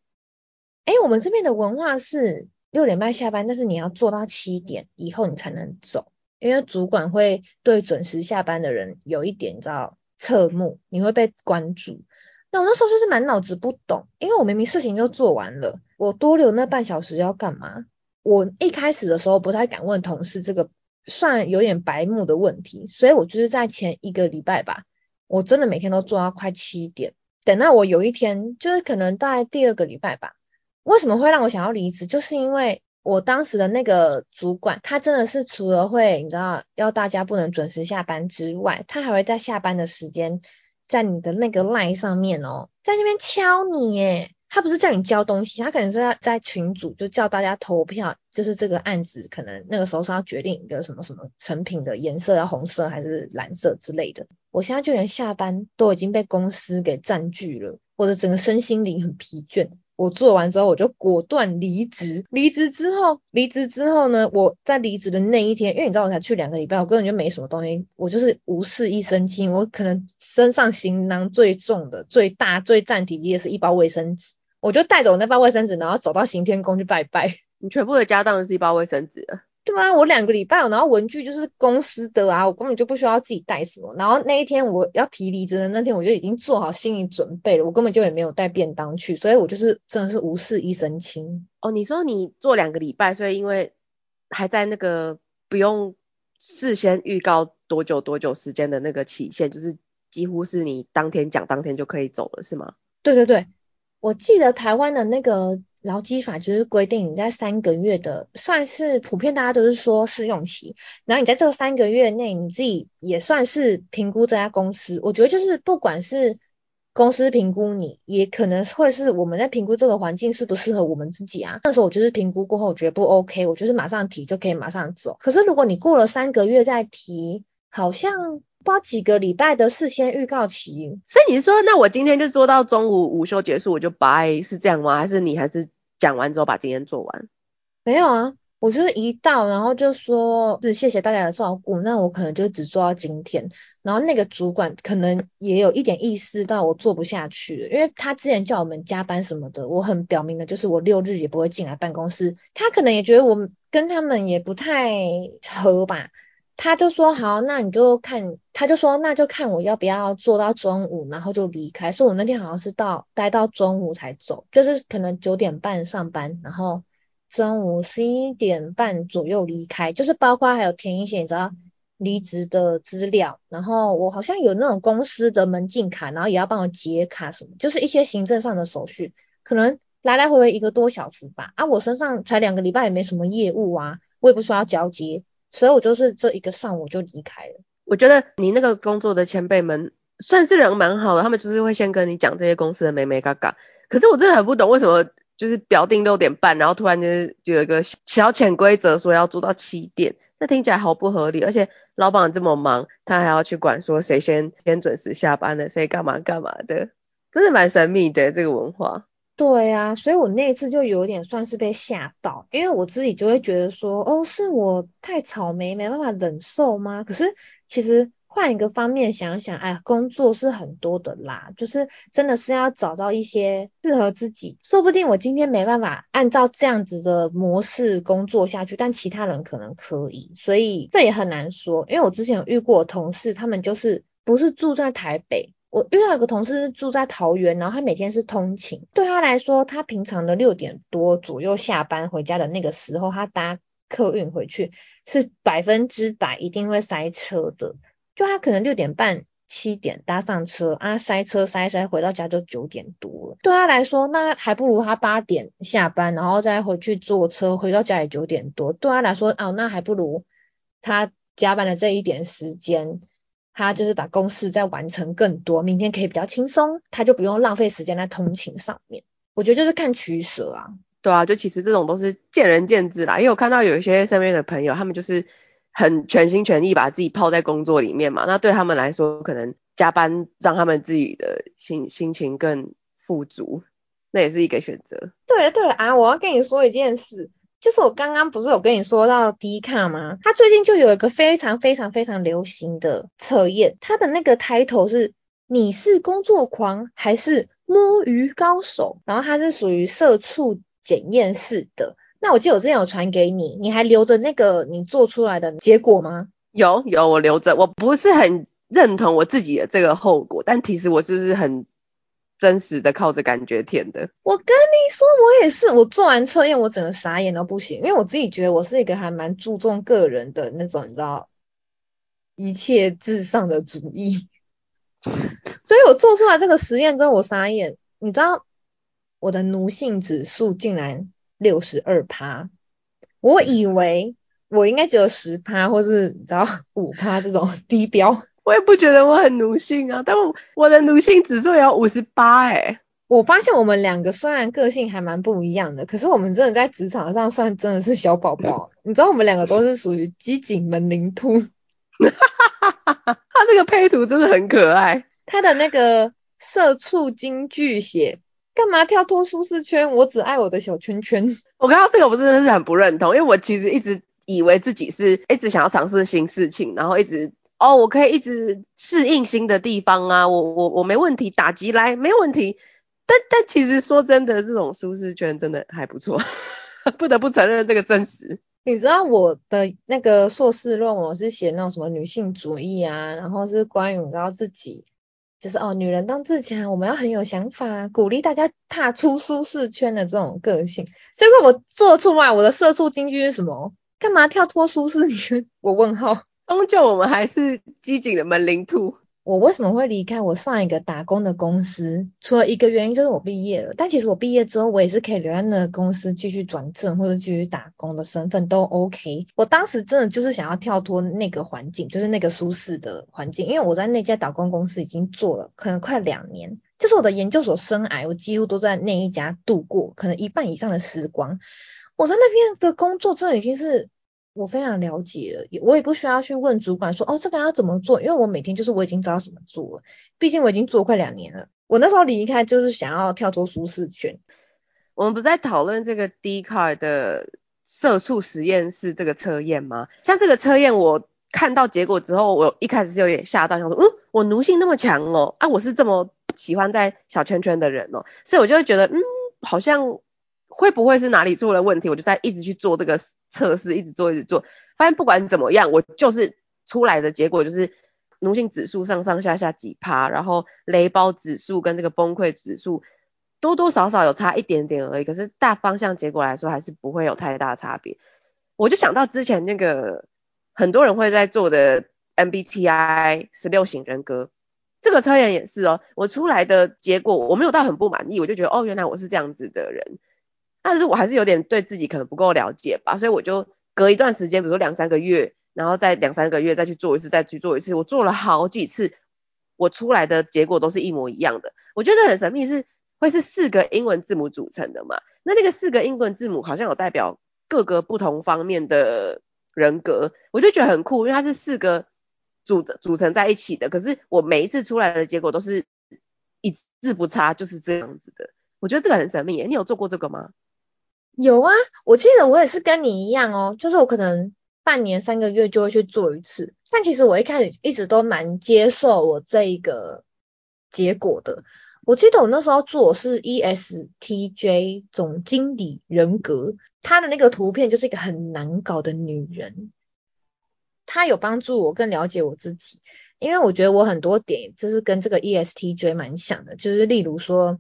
誒、欸，我們這邊的文化是六點半下班，但是你要做到七點以後你才能走，因為主管會對準時下班的人有一點叫側目，你會被關注。那我那時候就是滿腦子不懂，因為我明明事情就做完了，我多留那半小時要幹嘛？我一開始的時候不太敢問同事這個算有點白目的問題，所以我就是在前一個禮拜吧，我真的每天都做到快七點，等到我有一天就是可能大概第二個禮拜吧。為什麼會讓我想要離職？就是因為我當時的那個主管，他真的是除了會，你知道，要大家不能準時下班之外，他還會在下班的時間，在你的那個 line 上面哦，在那邊敲你誒。他不是叫你交東西，他可能是要在群組就叫大家投票，就是這個案子可能那個時候是要決定一個什麼什麼成品的顏色要紅色還是藍色之類的。我現在就連下班都已經被公司給占據了，我的整個身心靈很疲倦。我做完之後我就果斷離職，離職之後，離職之後呢，我在離職的那一天，因為你知道我才去兩個禮拜，我根本就沒什麼東西，我就是無事一身輕，我可能身上行囊最重的、最大、最佔體的，也是一包衛生紙，我就帶着我那包衛生紙，然後走到行天宮去拜拜。你全部的家當就是一包衛生紙。對啊，我兩個禮拜，然後文具就是公司的啊，我根本就不需要自己帶什麼。然後那一天我要提離職的那天，我就已經做好心理準備了，我根本就也沒有帶便當去，所以我就是真的是無事一身輕。哦，你說你做兩個禮拜，所以因為還在那個不用事先預告多久多久時間的那個期限，就是幾乎是你當天講，當天就可以走了，是嗎？對對對，我記得台灣的那個。勞基法就是規定你在三個月的，算是普遍大家都是說試用期，然後你在這三個月內你自己也算是評估這家公司。我覺得就是不管是公司評估你，也可能會是我們在評估這個環境適不適合我們自己啊。那時候我就是評估過後我覺得不 OK，我就是馬上提就可以馬上走。可是如果你過了三個月再提，好像。包幾個禮拜的事先預告期，所以你說，那我今天就做到中午午休結束我就掰，是這樣嗎？還是你還是講完之後把今天做完？沒有啊，我就是一到然後就說是謝謝大家的照顧，那我可能就只做到今天。然後那個主管可能也有一點意識到我做不下去，因為他之前叫我們加班什麼的，我很表明的就是我六日也不會進來辦公室，他可能也覺得我跟他們也不太合吧。他就說好，那你就看，他就說那就看我要不要做到中午，然後就離開。所以我那天好像是到待到中午才走，就是可能九點半上班，然後中午十一點半左右離開，就是包括還有填一些你知道離職的資料，然後我好像有那種公司的門禁卡，然後也要幫我解卡什麼，就是一些行政上的手續，可能來來回回一個多小時吧。啊，我身上才兩個禮拜，也沒什麼業務啊，我也不說要交接。所以我就是這一個上午就離開了。我覺得你那個工作的前輩們算是人蠻好的，他們就是會先跟你講這些公司的眉眉角角。可是我真的很不懂為什麼就是表定六點半，然後突然就有一個小潛規則說要做到七點，那聽起來好不合理。而且老闆這麼忙，他還要去管說誰先先準時下班的，誰幹嘛幹嘛的，真的蠻神秘的這個文化。對啊，所以我那一次就有點算是被嚇到，因為我自己就會覺得說，哦，是我太草莓，沒辦法忍受嗎？可是其實換一個方面想想，哎，工作是很多的啦，就是真的是要找到一些適合自己，說不定我今天沒辦法按照這樣子的模式工作下去，但其他人可能可以，所以這也很難說，因為我之前有遇過同事，他們就是不是住在台北。我遇到有個同事是住在桃園，然後他每天是通勤，對他來說，他平常的六點多左右下班回家的那個時候，他搭客運回去是百分之百一定會塞車的。就他可能六點半、七點搭上車啊，塞車塞塞回到家就九點多了。對他來說，那還不如他八點下班，然後再回去坐車回到家也九點多。對他來說，哦、啊，那還不如他加班的這一點時間。他就是把公事再完成更多，明天可以比較輕鬆，他就不用浪費時間在通勤上面。我覺得就是看取捨啊。對啊，就其實這種都是見仁見智啦。因為我看到有一些身邊的朋友，他們就是很全心全意把自己泡在工作裡面嘛。那對他們來說，可能加班讓他們自己的心心情更富足，那也是一個選擇。對了對了啊，我要跟你說一件事。就是我剛剛不是有跟你說到 D 卡嗎？他最近就有一個非常非常非常流行的測驗，它的那個 title 是“你是工作狂還是摸魚高手”，然後它是屬於社畜實驗室的。那我記得我之前有傳給你，你還留着那個你做出來的結果嗎？有有，我留着。我不是很認同我自己的這個後果，但其實我就是很。真實的靠着感覺填的。我跟你說，我也是，我做完測驗，我整個傻眼都不行，因為我自己覺得我是一個還蠻注重個人的那種，你知道，一切至上的主義。所以我做出來這個實驗之後，跟我傻眼，你知道，我的奴性指數竟然六十二趴，我以為我應該只有十趴，或是你知道五趴這種低標。我也不覺得我很奴性啊，但我我的奴性指數有五十八哎！我發現我們兩個雖然個性還蠻不一樣的，可是我們真的在職場上算真的是小寶寶。 你知道我們兩個都是屬於機警門鈴兔，哈哈哈哈！他這個配圖真的很可愛，他的那個社畜京劇寫幹嘛跳脫舒適圈？我只愛我的小圈圈。我剛剛這個，我真的是很不認同，因為我其實一直以為自己是一直想要嘗試新事情，然後一直。哦、oh，我可以一直適應新的地方啊，我我我沒問題，打擊來沒問題。但但其實說真的，這種舒適圈真的還不錯， 不得不承認這個真實。你知道我的那個碩士論文是寫那種什麼女性主義啊，然後是關於然後自己就是哦，女人當自強，啊，我們要很有想法，鼓勵大家踏出舒適圈的這種個性，結果我做出來，我的社畜金句是什麼？幹嘛跳脫舒適圈？我問號。工作我們還是機警的門鈴兔。我為什麼會離開我上一個打工的公司？除了一個原因就是我畢業了。但其實我畢業之後，我也是可以留在那個公司繼續轉正或是繼續打工的身份都 OK。我當時真的就是想要跳脫那個環境，就是那個舒適的環境，因為我在那家打工公司已經做了可能快兩年，就是我的研究所生涯，我幾乎都在那一家度過，可能一半以上的時光。我在那邊的工作真的已經是。我非常了解了，我也不需要去問主管說，哦，這個要怎麼做，因為我每天就是我已經知道怎麼做了，畢竟我已經做了快兩年了。我那時候離開就是想要跳出舒適圈。我們不是在討論這個 Dcard 的社畜實驗室這個測驗嗎？像這個測驗，我看到結果之後，我一開始就有點嚇到，想說，嗯，我奴性那麼強哦，啊，我是這麼喜歡在小圈圈的人哦，所以我就會覺得，嗯，好像。會不會是哪裡出了問題？我就在一直去做這個測試，一直做，一直做，發現不管怎麼樣，我就是出來的結果就是，奴性指數上上下下幾趴，然後雷包指數跟這個崩潰指數多多少少有差一點點而已，可是大方向結果來說還是不會有太大差別。我就想到之前那個很多人會在做的 MBTI 十六型人格，這個測驗也是哦，我出來的結果我沒有到很不滿意，我就覺得哦，原來我是這樣子的人。但是我還是有點對自己可能不夠了解吧，所以我就隔一段時間，比如說兩三個月，然後再兩三個月再去做一次，再去做一次。我做了好幾次，我出來的結果都是一模一樣的。我覺得很神秘，是會是四個英文字母組成的嘛？那那個四個英文字母好像有代表各個不同方面的人格，我就覺得很酷，因為它是四個組組成在一起的。可是我每一次出來的結果都是一字不差，就是這樣子的。我覺得這個很神秘耶，你有做過這個嗎？有啊，我記得我也是跟你一樣哦，就是我可能半年三個月就會去做一次，但其實我一開始一直都蠻接受我這一個結果的。我記得我那時候做是 ESTJ 總經理人格，他的那個圖片就是一個很難搞的女人，他有幫助我更了解我自己，因為我覺得我很多點就是跟這個 ESTJ 蠻像的，就是例如說。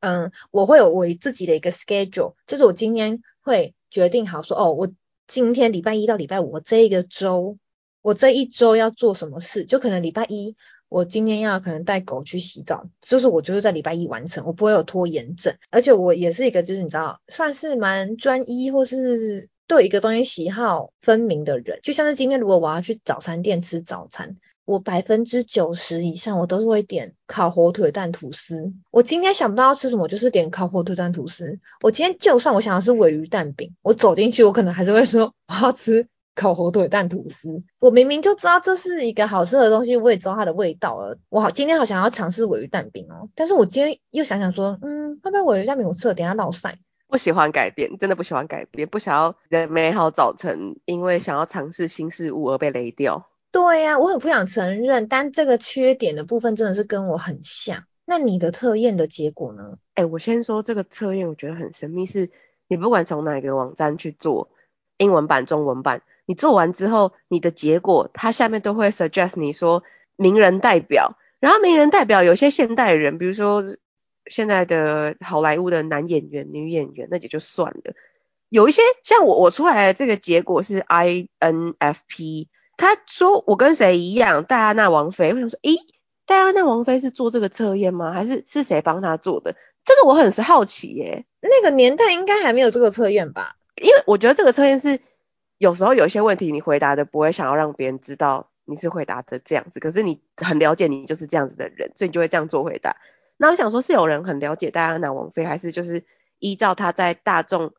嗯，我會有我自己的一個 schedule，就是我今天會決定好說，哦，我今天禮拜一到禮拜五，我這一個週，我這一週要做什麼事，就可能禮拜一，我今天要可能帶狗去洗澡，就是我就是在禮拜一完成，我不會有拖延症，而且我也是一個就是你知道，算是蠻專一或是對一個東西喜好分明的人，就像是今天如果我要去早餐店吃早餐。我百分之九十以上，我都是會點烤火腿蛋吐司。我今天想不到要吃什麼，就是點烤火腿蛋吐司。我今天就算我想要吃鮪魚蛋餅，我走進去，我可能還是會說我要吃烤火腿蛋吐司。我明明就知道這是一個好吃的東西，我也知道它的味道了。我好今天好想要嘗試鮪魚蛋餅哦，但是我今天又想想說，嗯，會不會鮪魚蛋餅我吃了，等下落賽。不喜歡改變，真的不喜歡改變，不想要在美好早晨因為想要嘗試新事物而被雷掉。對呀，我很不想承認，但這個缺點的部分真的是跟我很像。那你的測驗的結果呢？欸，我先說這個測驗，我覺得很神秘。是你不管從哪一個網站去做，英文版、中文版，你做完之後，你的結果，它下面都會 suggest 你說名人代表。然後名人代表有些現代人，比如說現在的好萊塢的男演員、女演員，那也就算了。有一些像我，我出來的這個結果是 INFP。他說：“我跟誰一樣？”戴安娜王妃。我想說，咦、欸，戴安娜王妃是做這個測驗嗎？還是是誰幫她做的？這個我很是好奇耶、欸。那個年代應該還沒有這個測驗吧？因為我覺得這個測驗是有時候有一些問題，你回答的不會想要讓別人知道你是回答的這樣子，可是你很了解你就是這樣子的人，所以你就會這樣做回答。那我想說，是有人很了解戴安娜王妃，還是就是依照她在大眾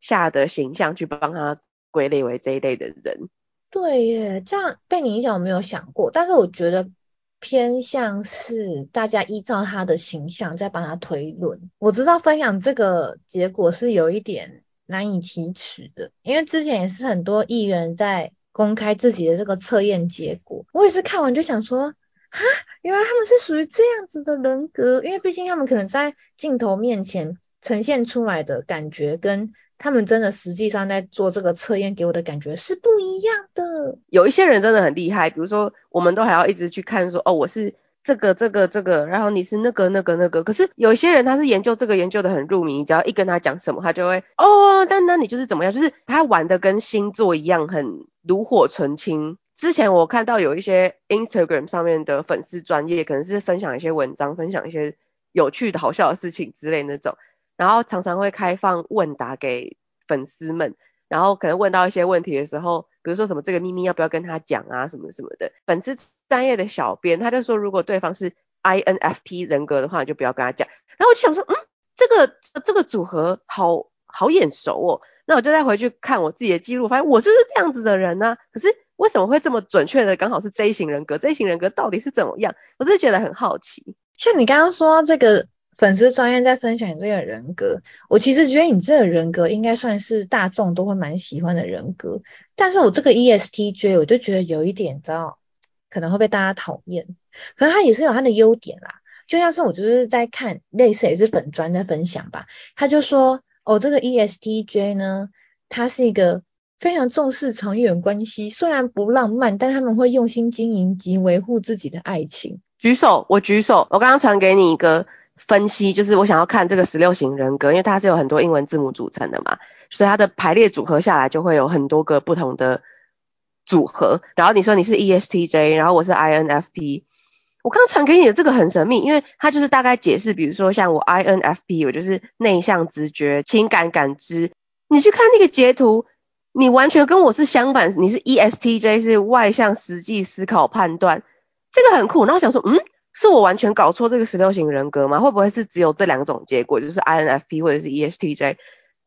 下的形象去幫她歸類為這一類的人？對耶，這樣被你一講，我沒有想過，但是我覺得偏向是大家依照他的形象在幫他推論。我知道分享這個結果是有一點難以啟齒的，因為之前也是很多藝人在公開自己的這個測驗結果，我也是看完就想說，啊，原來他們是屬於這樣子的人格，因為畢竟他們可能在鏡頭面前呈現出來的感覺跟。他們真的實際上在做這個測驗，給我的感覺是不一樣的。有一些人真的很厲害，比如說我們都還要一直去看說，哦，我是這個這個這個，然後你是那個那個那個。可是有一些人他是研究這個研究得很入迷，只要一跟他講什麼，他就會，哦，那那你就是怎麼樣？就是他玩的跟星座一樣，很爐火純青。之前我看到有一些 Instagram 上面的粉絲專頁，可能是分享一些文章，分享一些有趣的好笑的事情之類那種。然後常常會開放問答給粉絲們，然後可能問到一些問題的時候，比如說什麼這個祕密要不要跟他講啊，什麼什麼的。粉絲專頁的小編他就說，如果對方是 INFP 人格的話，就不要跟他講。然後我就想說，嗯，這個這個組合好好眼熟哦。那我就再回去看我自己的記錄，發現我就是，是這樣子的人啊。可是為什麼會這麼準確的剛好是 J 型人格？J 型人格到底是怎麼樣？我真的覺得很好奇。像你剛剛說這個。粉絲專頁在分享你這個人格，我其實覺得你這個人格應該算是大眾都會蠻喜歡的人格，但是我這個 ESTJ 我就覺得有一點，你知道可能會被大家討厭，可是他也是有他的優點啦。就像是我就是在看，類似也是粉專在分享吧，他就說，哦，這個 ESTJ 呢，他是一個非常重視長遠關係，雖然不浪漫，但他們會用心經營及維護自己的愛情。舉手，我舉手，我剛剛傳給你一個。分析，就是我想要看這個十六型人格，因為它是有很多英文字母組成的嘛，所以它的排列組合下來就會有很多個不同的組合。然後你說你是 ESTJ，然後我是 INFP。我剛剛傳給你的這個很神秘，因為它就是大概解釋，比如說像我 INFP，我就是內向、直覺、情感、感知。你去看那個截圖，你完全跟我是相反，你是 ESTJ，是外向、實際、思考、判斷。這個很酷，然後我想說，嗯。是我完全搞錯這個十六型人格嗎？會不會是只有這兩種結果，就是 INFP 或者是 ESTJ？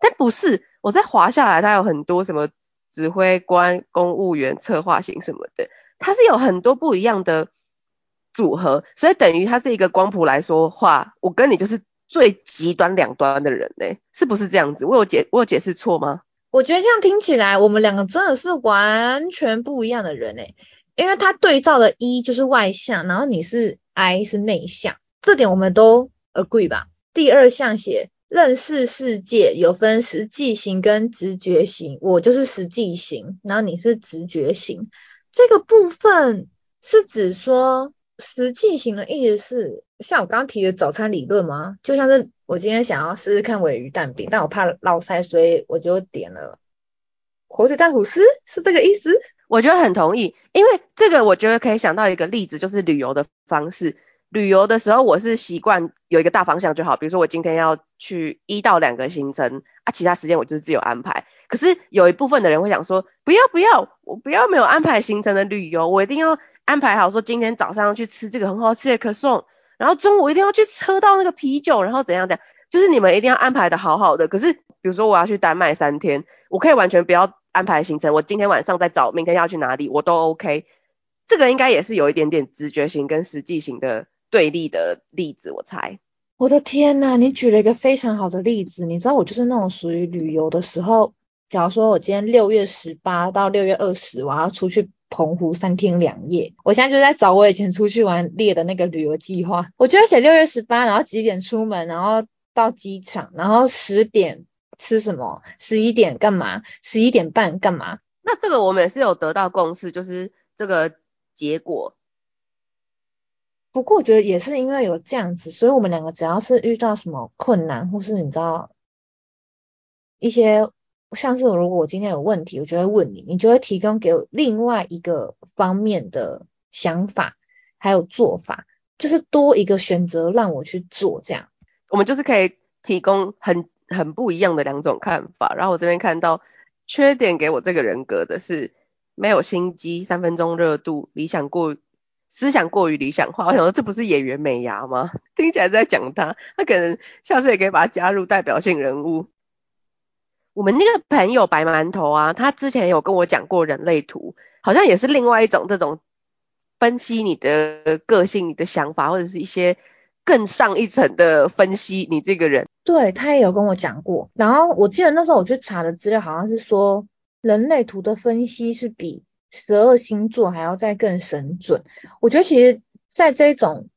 但不是，我在滑下來，它有很多什麼指揮官、公務員、策劃型什麼的，它是有很多不一樣的組合，所以等於它是一個光譜來說話。我跟你就是最極端兩端的人欸，是不是這樣子？我有解，我有解釋錯嗎？我覺得這樣聽起來，我們兩個真的是完全不一樣的人欸。因為他對照的 E 就是外向，然後你是 I 是內向，這點我們都 agree 吧。第二項寫認識世界有分實際型跟直覺型，我就是實際型，然後你是直覺型，這個部分是指說實際型的意思是像我剛剛提的早餐理論嗎？就像是我今天想要試試看鮪魚蛋餅，但我怕老塞，所以我就點了火腿蛋吐司，是這個意思？我覺得很同意，因為這個我覺得可以想到一個例子，就是旅遊的方式。旅遊的時候，我是習慣有一個大方向就好，比如說我今天要去一到兩個行程啊，其他時間我就是自由安排。可是有一部分的人會想說，不要不要，我不要沒有安排行程的旅遊，我一定要安排好，說今天早上要去吃這個很好吃的可頌，然後中午一定要去喝到那個啤酒，然後怎樣怎樣，就是你們一定要安排的好好的。可是比如說我要去丹麥三天，我可以完全不要。安排行程，我今天晚上再找明天要去哪裡，我都 OK。這個應該也是有一點點直覺型跟實際型的對立的例子，我猜。我的天吶，你舉了一個非常好的例子。你知道我就是那種屬於旅遊的時候，假如說我今天六月十八到六月二十，我要出去澎湖三天兩夜，我現在就在找我以前出去玩列的那個旅遊計劃。我就寫六月十八，然後幾點出門，然後到機場，然後十點。吃什麼？十一點幹嘛？十一點半幹嘛？那這個我們也是有得到共識，就是這個結果。不過我覺得也是因為有這樣子，所以我們兩個只要是遇到什麼困難，或是你知道一些，像是如果我今天有問題，我就會問你，你就會提供給我另外一個方面的想法，還有做法，就是多一個選擇讓我去做這樣。我們就是可以提供很很不一樣的兩種看法，然後我這邊看到缺點，給我這個人格的是沒有心機、三分鐘熱度、理想過於、思想過於理想化。我想說這不是演員美伢嗎？聽起來在講他，他可能下次也可以把它加入代表性人物。我們那個朋友白饅頭啊，他之前有跟我講過人類圖，好像也是另外一種這種分析你的個性、你的想法或者是一些。更上一層的分析，你這個人，對，他也有跟我講過。然後我記得那時候我去查的資料，好像是說人類圖的分析是比十二星座還要再更神準。我覺得其實，在這種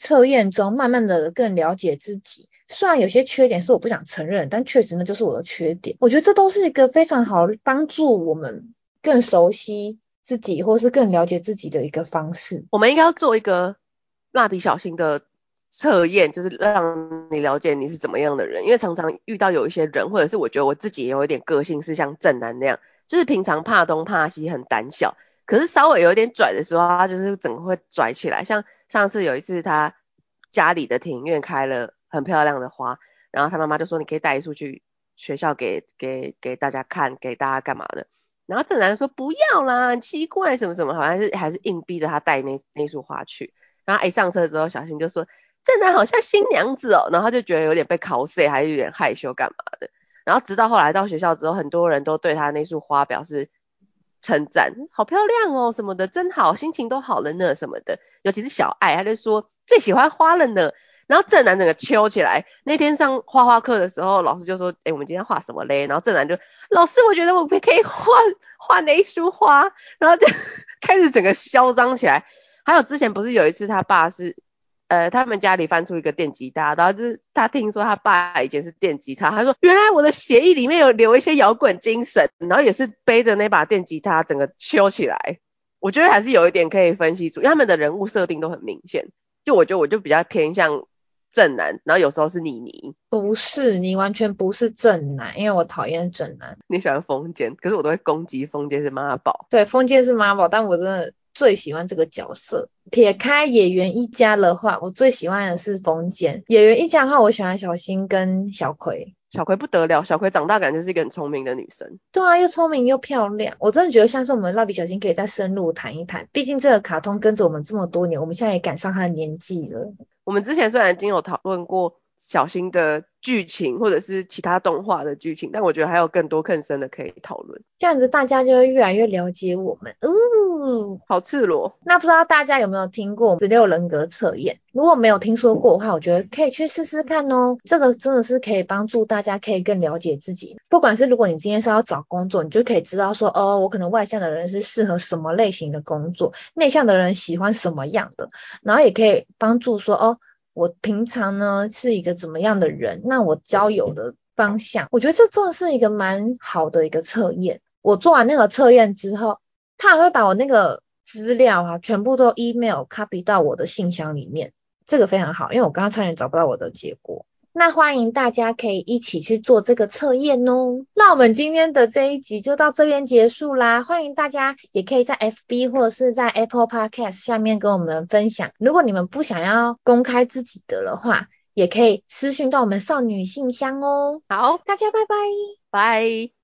測驗中，慢慢的更了解自己，雖然有些缺點是我不想承認，但確實那就是我的缺點。我覺得這都是一個非常好幫助我們更熟悉自己，或是更了解自己的一個方式。我們應該要做一個。蠟筆小新的測驗就是讓你了解你是怎麼樣的人，因為常常遇到有一些人，或者是我覺得我自己也有一點個性是像正男那樣，就是平常怕東怕西，很膽小，可是稍微有一點拽的時候，他就是整個會拽起來。像上次有一次，他家裡的庭院開了很漂亮的花，然後他媽媽就說：“你可以帶一束去學校給給給大家看，給大家幹嘛的？”然後正男說：“不要啦，很奇怪什麼什麼，好像是還是硬逼着他帶那那束花去。”然後一上車之後，小新就說：“正男好像新娘子哦。”然後他就覺得有點被考死，還是有點害羞幹嘛的。然後直到後來到學校之後，很多人都對他那束花表示稱讚，好漂亮哦什麼的，真好，心情都好了呢什麼的。尤其是小愛，他就說最喜歡花了呢。然後正男整個囂起來。那天上畫畫課的時候，老師就說：“哎，我們今天畫什麼嘞？”然後正男就：“老師，我覺得我們可以畫畫那一束花。”然後就呵呵開始整個囂張起來。還有之前不是有一次他爸是呃，他們家裡翻出一個電吉他，然後就是他聽說他爸以前是電吉他，他說原來我的血液裡面有留一些搖滾精神，然後也是背着那把電吉他整個修起來。我覺得還是有一點可以分析出他們的人物設定都很明顯。就我覺得我就比較偏向正男，然後有時候是妮妮。不是你完全不是正男，因為我討厭正男。你喜歡風間，可是我都會攻擊風間是媽寶。對，風間是媽寶，但我真的。最喜歡這個角色。撇開野原一家的話，我最喜歡的是風間。野原一家的話，我喜歡小新跟小葵。小葵不得了，小葵長大感覺是一個很聰明的女生。對啊，又聰明又漂亮。我真的覺得像是我們蠟筆小新可以再深入談一談，畢竟這個卡通跟着我們這麼多年，我們現在也趕上他的年紀了。我們之前雖然已經有討論過。小新的劇情或者是其他動畫的劇情，但我覺得還有更多更深的可以討論。這樣子大家就會越來越了解我們，嗯，好赤裸。那不知道大家有沒有聽過十六人格測驗？如果沒有聽說過的話，我覺得可以去試試看哦。這個真的是可以幫助大家可以更了解自己。不管是如果你今天是要找工作，你就可以知道說，哦，我可能外向的人是適合什麼類型的工作，內向的人喜歡什麼樣的，然後也可以幫助說，哦。我平常呢是一個怎麼樣的人？那我交友的方向，我覺得這真的是一個蠻好的一個測驗。我做完那個測驗之後，他還會把我那個資料啊，全部都 email copy 到我的信箱裡面，這個非常好，因為我剛剛差點找不到我的結果。那歡迎大家可以一起去做這個測驗哦。那我們今天的這一集就到這邊結束啦。歡迎大家也可以在 FB 或者是在 Apple Podcast 下面跟我們分享。如果你們不想要公開自己的的話，也可以私訊到我們少女信箱哦。好，大家拜拜，拜。